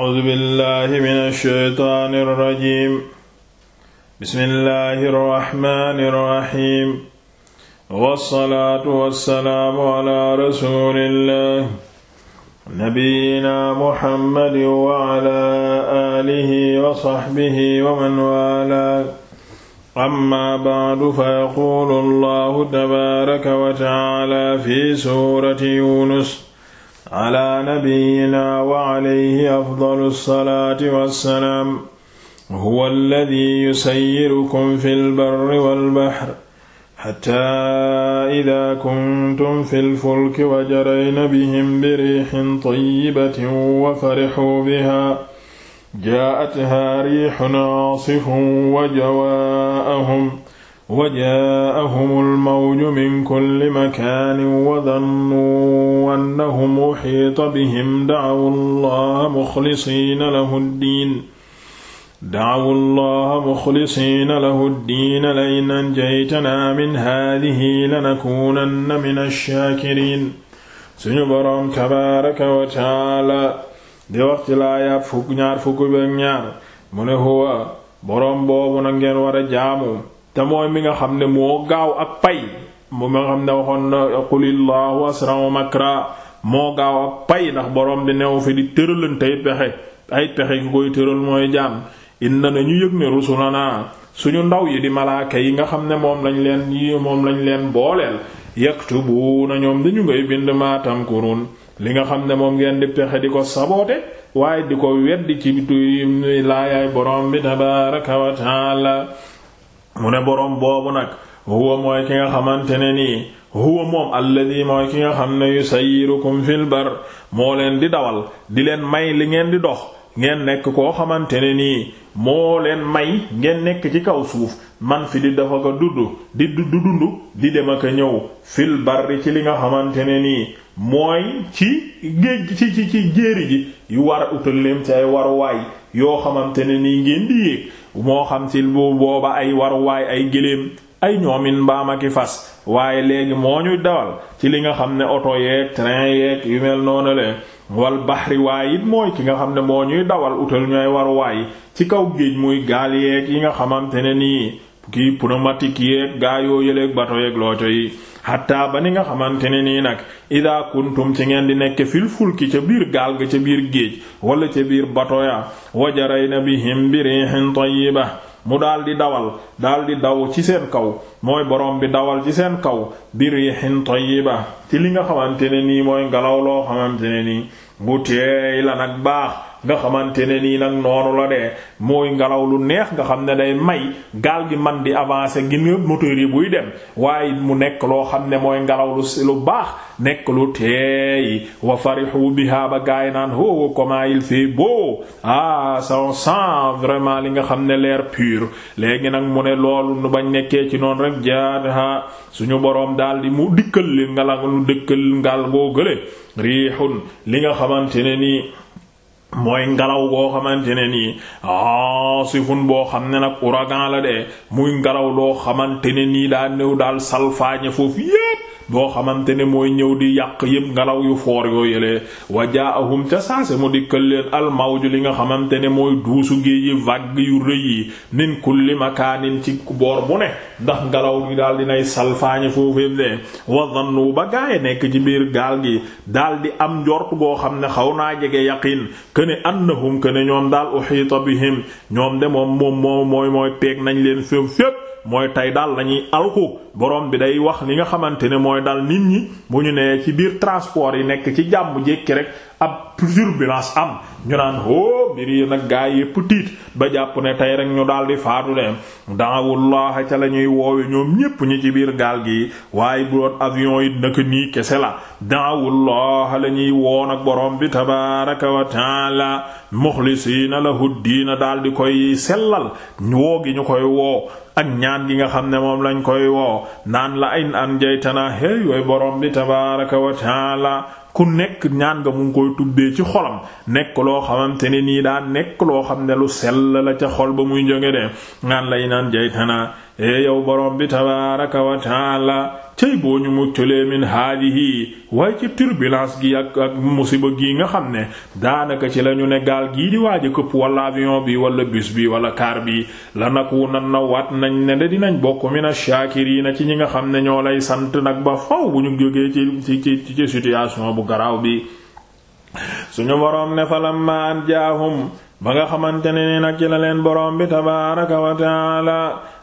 A'uuzu billaahi mina shaytaani rajiim. Bismillaahi rahmaani rahiim. Wassalaatu wassalaamu alaa rasuulillaahi nabiyyinaa Muhammadin wa alaa aalihi wa sahbihi wa man waalaahu. Amma ba'du fayaquulu Allaahu tabaaraka wa ta'aalaa fi suurati Yuunus ala nabiyyina wa alayhi afdalu salaati wassalaam huwa alladhi yusayyirukum fil barri wal bahri xataa idaa kuntum fil fulki wa jarayna bihim bi riixin tayyibatin wa farixuu bihaa jaa'athaa riixun aasifun wa jawaa'ahum wa jaa'ahum al-mawju min kulli makaanin wa dhannuu annahum uhiita bihim da'awu llaha mukhlisiina lahu ddiin da'awu llaha mukhlisiina lahu ddiin la-in anjaytanaa min haadhihi lanakuunanna mina ash-shaakiriin suñu boroom tabaaraka wa ta'aala di wax ci laayaat fukk ñaar fukk ak ñaar mu ne huwa boroom boobu na ngeen war a jaamu te mooy mi nga xam ne moo gaaw ak pay mu nga xam ne waxoon na qulillahu asra'u makra moo gaaw ak pay ndax borom di new fi di tëralantey pexe ay pexe ki koy tëral mooy jaam inna nañu yëg ne rusulana suñu ndaw yi di malaaka yi nga xam ne moom lañ leen yi moom lañ leen booleel yaktubuuna ñoom dañu ngay bind maatam kurun li nga xam ne moom ngeen di pexe di ko saboote waaye di ko weddi ci tuy laayaay borom bi tabaaraka wa mu ne boroom boobu nag huwa mooy ki nga xamante ne nii huwa moom alladi mooy ki nga xam ne sa yusayirukum fil bar moo leen di dawal di leen may li ngeen di dox ngeen nekk koo xamante ne nii moo leen may ngeen nekk ci kaw suuf man fi di dafa ko dudd di du dund di dem ak a ñëw fil barri ci li nga xamante ne nii mooy ci géej ci ci ci jéeri ji yu war a utal leen ci ay waruwaay yoo xamante ne nii ngeen di yéeg moo xam ci bu booba ay waruwaay ay géléem ay ñoomin mbaam ak i fas waaye léegi moo ñuy dawal ci li nga xam ne oto yeeg train yeeg yu mel noonu le wal baxri waay it mooy ki nga xam ne moo ñuy dawal utal ñooy waruwaay ci kaw géej muy gaal yeeg yi nga xamante ne nii kii pneumatique yeeg gaa yoo bato yeeg looco yi xattaa ba ni nga xamante ne nii nag ida kuntum ci ngeen di nekk fil fulki ca biir gaal ga ca biir géej wala ca biir bato ya wajarayna bihim bi yi ba mu daal di dawal daal di daw ci seen kaw mooy borom bi dawal ci seen kaw bi yi ba ci li nga xamante ne nii mooy ngelaw loo xamante nii bu teey la nag baax nga xamante ne nii nag noonu la de mooy ngelaw lu neex nga xam ne day may gaal gi man di avancé gi nga moteur buy dem waaye mu nekk loo xam ne mooy ngelaw lu si lu baax nekk lu teey wa farihu biha ba gaay naan oh, oh comment il fait boo ah ça sent vraiment li nga xam ne leer pur léegi nag mu ne loolu nu bañ nekkee ci noonu rek jaadaha suñu boroom daal di mu dikkal ngelaw lu dëkkal ngal goo gële riixun li nga xamante ne nii mooy ngelaw goo xamante ne nii asifun ah, boo xam ne nag la de muy ngelaw loo xamante ne nii daa néew daal salfaañe foofu yépp boo xamante ne mooy ñëw di yàq yëpp ngelaw yu foor yoo yëlee wa jaahum ca saase mu dikkal leen ju li nga xamante ne mooy duusu gi yi vague yu rëy yi min kulli makaanin ci ku boor bu ne ndax ngelaw gi daal sal salfaañe fooféem de wa dhannu ba gaaye nekk ci biir gaal gi daal di am njort boo xam ne xaw naa jege yaqin këne annahum këne ñoom daal uhiita bihim ñoom de moom moom moom mooy mooy peeg nañ leen fépp fépp mooy tey daal lañuy alku borom bi mooy dal nit ñi bu ñu nee ci biir transport yi nekk ci jàmm jékki rek ab turbulence am ñu naan hoo oh, mbir yi nag gaa yépp tiit ba jàpp ne tey rek ñu daal di faatu de daawullaha ca lañuy ñuy woowe ñoom ñépp ñi ci biir gaal gi waaye bu doon avion yi nak nii kese la daawullaha la ñuy woon ak borom bi tabaraka wa taala muxlisiina lahu diina daal di koy sellal woo gi ñu koy woo ak ñaan gi nga xam ne moom lañ koy woo naan la ayn an jaytana hey yooyu borom bi tabaraka wa ku nekk ñaan nga mu ngi koy tuddee ci xolam nekk loo xamante ne nii daan nekk loo xam ne lu sell la ca xol ba muy jóge de naan lay naan jaytana e yow borom bi tabaaraka wa taala cey boo ñu muccalee min haadihi waaye ci turbulence gi ak musiba gi nga xam ne daanaka ci lañu ne gaal gii di waaj a këpp wala avion bi wala bus bi wala car bi la naku nan na wat nañ ne dinañ bokk yi shaakiriina ci ñi nga xam ne ñoo lay sant nag ba faw bu ñu jógee ci ci ci ci bu garaaw bi suñu borom ne falamma an jaahum ba nga xamante ne ni nag ci la leen borom bi tabaaraka wa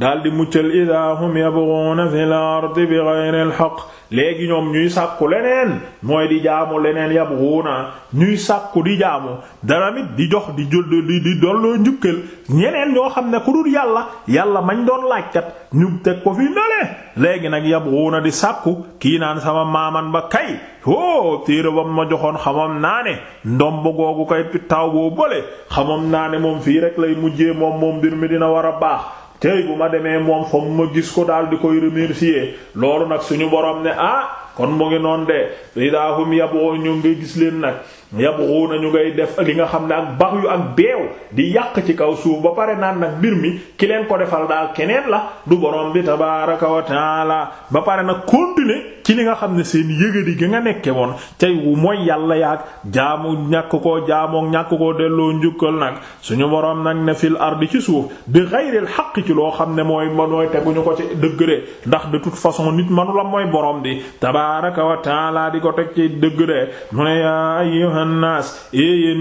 daldi muccal idaa hum yabghuuna fil ardi bighayril haqq léegi ñoom ñuy sàkku leneen mooy di jaamu leneen yabghuuna ñuy sàkku di jaamu dara mit di jox di jël di di dolloo njukkal ñeneen ñoo xam ne ku dul yàlla yàlla mañ doon laajkat ñu teg ko fi nale léegi nag yabghuuna di sàkku kii naan sama maaman ba kay oh téere ba ma joxoon xamoon naa ne ndom ba googu kay taw boo bële xamoon naa ne moom fii rek lay mujjee moom moom mbir mi dina war a baax. tey bu ma demee moom fa mu ma gis ko daal di koy remercier loolu nag suñu borom ne ah kon mu ngi noon de idaahum yaboo ñu ngay gis leen nag yaboo nañu ngay def li nga xam ne ak bax yu ak beew di yàq ci kaw suuf ba pare naan nag mbir mi ki leen ko defal daal keneen la du borom bi tabaaraka wa taala ba pare nag continuer ci li nga xam ne seen yëgadi gi nga nekke woon tey mooy yàlla yaag jaamu ñàkk ko jaamook ñàkk koo delloo njukkal nag suñu borom nag ne fil ardi ci suuf bi ghayril haqq ci loo xam ne mooy manooy teguñu ko ci dëgg de ndax de toute façon nit manu la mooy borom di tabaaraka wa taala di ko teg ci dëgg de mu ne yaa ayyuhan naas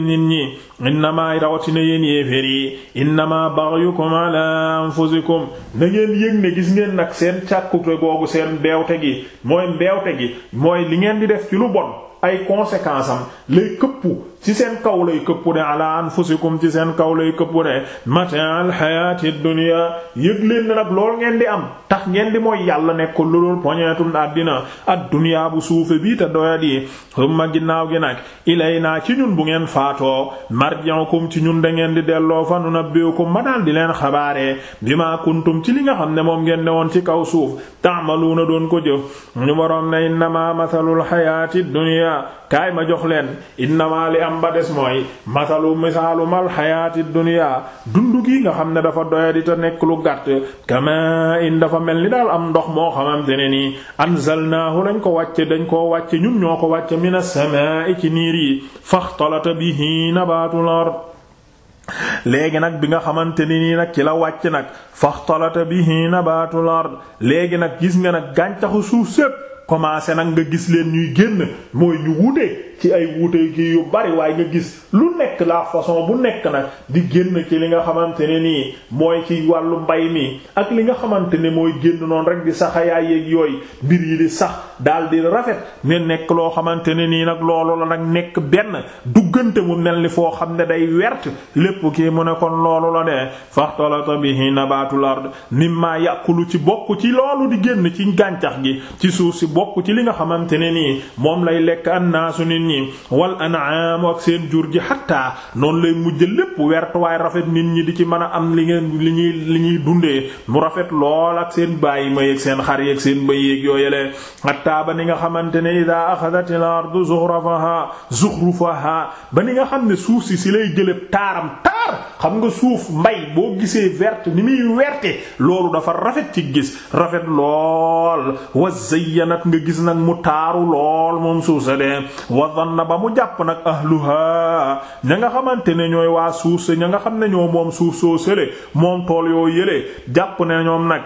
nit ñi innamaa rawatina yéen yéeféer yi innamaa baxyukum ala anfusikum na ngeen yëg ne gis ngeen nag seen càkkute googu seen mbeewte gi mooy mbeewte gi mooy li ngeen di def ci lu bon ay conséquences am lay këppu ci seen kaw lay këppu de ala anfusikum ci seen kaw lay këppu de mataal xayaati dunya yëg leen na lool ngeen di am tax ngeen di mooy yàlla nekk lu dul poñeetum àddina ad dunya bu suufe bii te doyat yi xëmma ginnaaw gi nag ilay naa ci ñun bu ngeen faatoo marji'ukum ci ñun da ngeen di delloo fa nunabbi'ukum ma daal di leen xabaaree bima kuntum ci li nga xam ne moom ngeen ne woon ci kaw suuf ta'maluuna doon ko jëf ñu waroon ne innama mathalul hayati dunya kaay ma jox leen innama li am ba des mooy mathalu misaalumal hayati dunya dundu gi nga xam ne dafa doyadi te nekk lu gàtt kama in dafa mel ni daal am ndox moo xamante ne nii anzalnaahu lañ ko wàcce dañ koo wàcce ñun ñoo ko wàcce minas samaa'i ci qaaraatul léegi nag bi nga xamante ni nii nag ci la wàcc nag faxtalata bihi nabaatul ard léegi nag gis nga nag gàncaxu suuf sépp commencé nag nga gis leen ñuy génn mooy ñu wute ci ay wuute kii yu bari waaye nga gis lu nekk la façon bu nekk nag di génn ci li nga xamante ne nii mooy ci wàllu mbay mi ak li nga xamante ne mooy génn noonu rek di saxayaay yeeg yooyu mbir yi di sax daal di rafet ne nekk loo xamante ne nii nag loolu la nag nekk benn duggante mu mel ni foo xam ne day wert lépp kii mu ne kon loolu la de faxtalata bihi nabatul ard mimma yàqulu ci bokk ci loolu di génn ci gàncax gi ci suuf si bokk ci li nga xamante n nii moom ñi wal an'am ak seen jur ji xattaa noonu lay mujj lépp wertuwaay rafet nit ñi di ci man a am li ngeen li ñuy li ñuy dundee mu rafet lool ak seen bàyyi may yeeg seen xar yeeg seen bëy yeeg yoo yële xattaa ba ni nga xamante ne idaa axadatil ardu zuxrufaha zuxrufaha ba ni nga xam ne suuf si si lay jëlëb taaram xam nga suuf mbay boo gisee vert ni muy werte loolu dafa rafet ci gis rafet lool wa zayyanat nga gis nag mu taaru lool moom suuf sa leen wa dhanna ba mu jàpp nag ahluha ña nga xamante ne ñooy waa suuf sa ña nga xam ne ñoo moom suuf soo sële moom tool yoo yële jàpp ne ñoom nag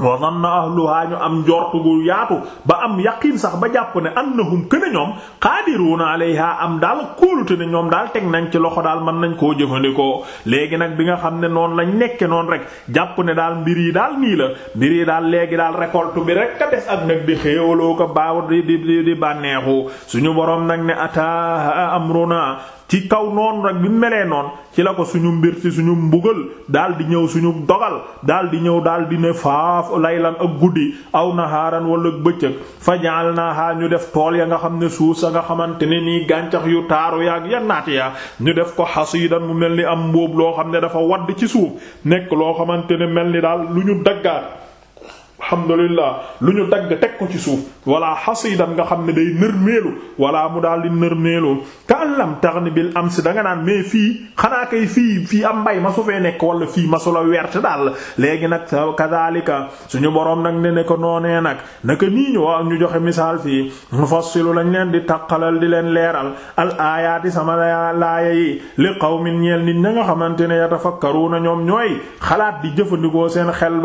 wa dhanna ahluha ñu am njort gu yaatu ba am yaqiin sax ba jàpp ne annahum këne ñoom qaadiruuna alayha am daal kóolute ne ñoom daal teg nañ ci loxo daal mën nañ koo jëfandikoo léegi nag bi nga xam ne noonu lañ nekke noonu rek jàpp ne daal mbir yi daal nii la mbir yi daal léegi daal récolte bi rek ka des ak nag di xéewaloo ko baaw di di di bànneexu suñu boroom nag ne ataa amruna ci kaw noonu rek bi melee noon ci la ko suñu mbir ci suñu mbugal daal di ñëw suñu dogal daal af laylan ak guddi aw nahaaran wala bëccëg fa ja'alnaaha ñu def tool ya nga xam ne suuf sa nga xamante ne nii gàncax yu taaru yaak ya naat ya ñu def ko hasiidan mu mel ni am mbóob loo xam ne dafa wadd ci suuf nekk loo xamante ne mel ni daal lu ñu daggaat alhamdulillah lu ñu dagg teg ko ci suuf wala xasidan nga xam ne day nërmeelu walla mu daal di nërmeelu ka an lam taxni bil am si danga naan mais fii xanaa kay fii fii am mbay ma su fee nekk wala fii ma su la werte daal léegi nag kadhalika suñu borom nag ne ne ko noonee nag naka nii ñu waaw ñu joxe misaal fii mufassilu lañ leen di taqalal di leen leeral al aayaati sama laaya yi li qawmin ñeel nit ña nga xamante ne yatafakkaruna ñoom ñooy xalaat di jëfandikoo seen xel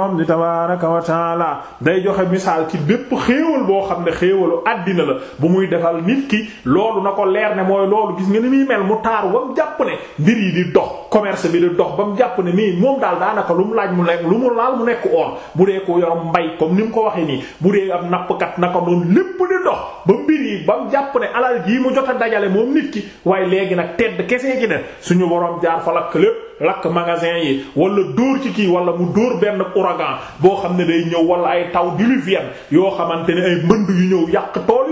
borom di tabaaraka wa day joxe misaal ci bépp xéewal boo xam ne xéewalu àddina la bu muy defal nit ki loolu na ko leer ne mooy loolu gis nga ni muy mel mu taar wam jàpp ne mbir yi di dox commerce bi di dox ba mu jàpp ne nii moom daal daanaka lu mu laaj mu nekk lu mu laal mu nekk or bu dee ko yorom mbay comme ni mu ko waxee nii bu dee am nappkat naka noonu lépp di dox ba mbir yi ba mu jàpp ne alal jii mu jot a dajale moom nit ki waaye léegi nag tedd kese gi ne suñu borom jaar fa lakk lépp lakk magasin yi wala dóor ci kii wala mu dóor benn ouragan boo xam ne day ñëw wala ay taw diluvienne yoo xamante ne ay mbënd yu ñëw yàq tool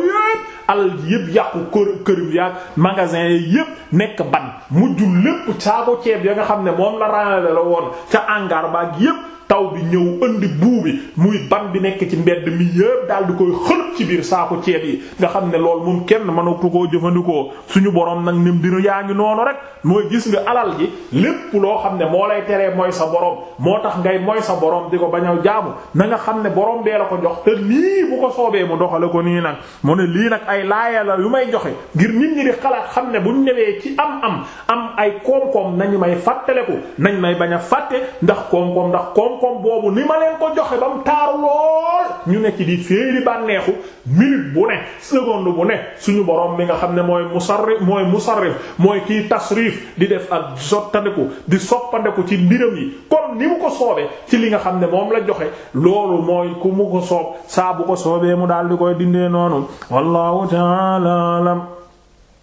alal ji yëpp yàqu kër kër yaag magasin yi yëpp nekk ban mu mujjul lépp saako ceeb ya nga xam ne moom la ràññale la woon ca angar gi yëpp taw bi ñëw indi buu bi muy ban bi nekk ci mbedd mi yépp daal di koy xëlëb ci biir saako ceeb yi nga xam ne loolu moom kenn mënatu koo jëfandikoo suñu borom nag ni dina yaa ngi noonu rek mooy gis nga alal ji lépp loo xam ne moo lay tere mooy sa borom moo tax ngay mooy sa borom di ko bañ a jaamu na nga xam ne borom bee la ko jox te nii bu ko soobee mu doxale ko nii nag moo ne lii nag ay laaya la yu may joxe ngir nit ñi di xalaat xam ne buñ ñëwee ci am am am ay koom nañu may fàttaleku nañ may bañ a fàtte koom-koom boobu ni ma leen ko joxe ba mu taaru lool ñu nekk di féeri bànneexu minute bu ne seconde bu ne suñu borom mi nga xam ne mooy musarrif mooy musarrif mooy kii tasrif di def ak sottandeku di soppandeku ci mbiram yi comme ni mu ko soobee ci li nga xam ne moom la joxe loolu mooy ku mu ko soob saa bu ko soobee mu daldi koy dindee noonu wallahu ta'ala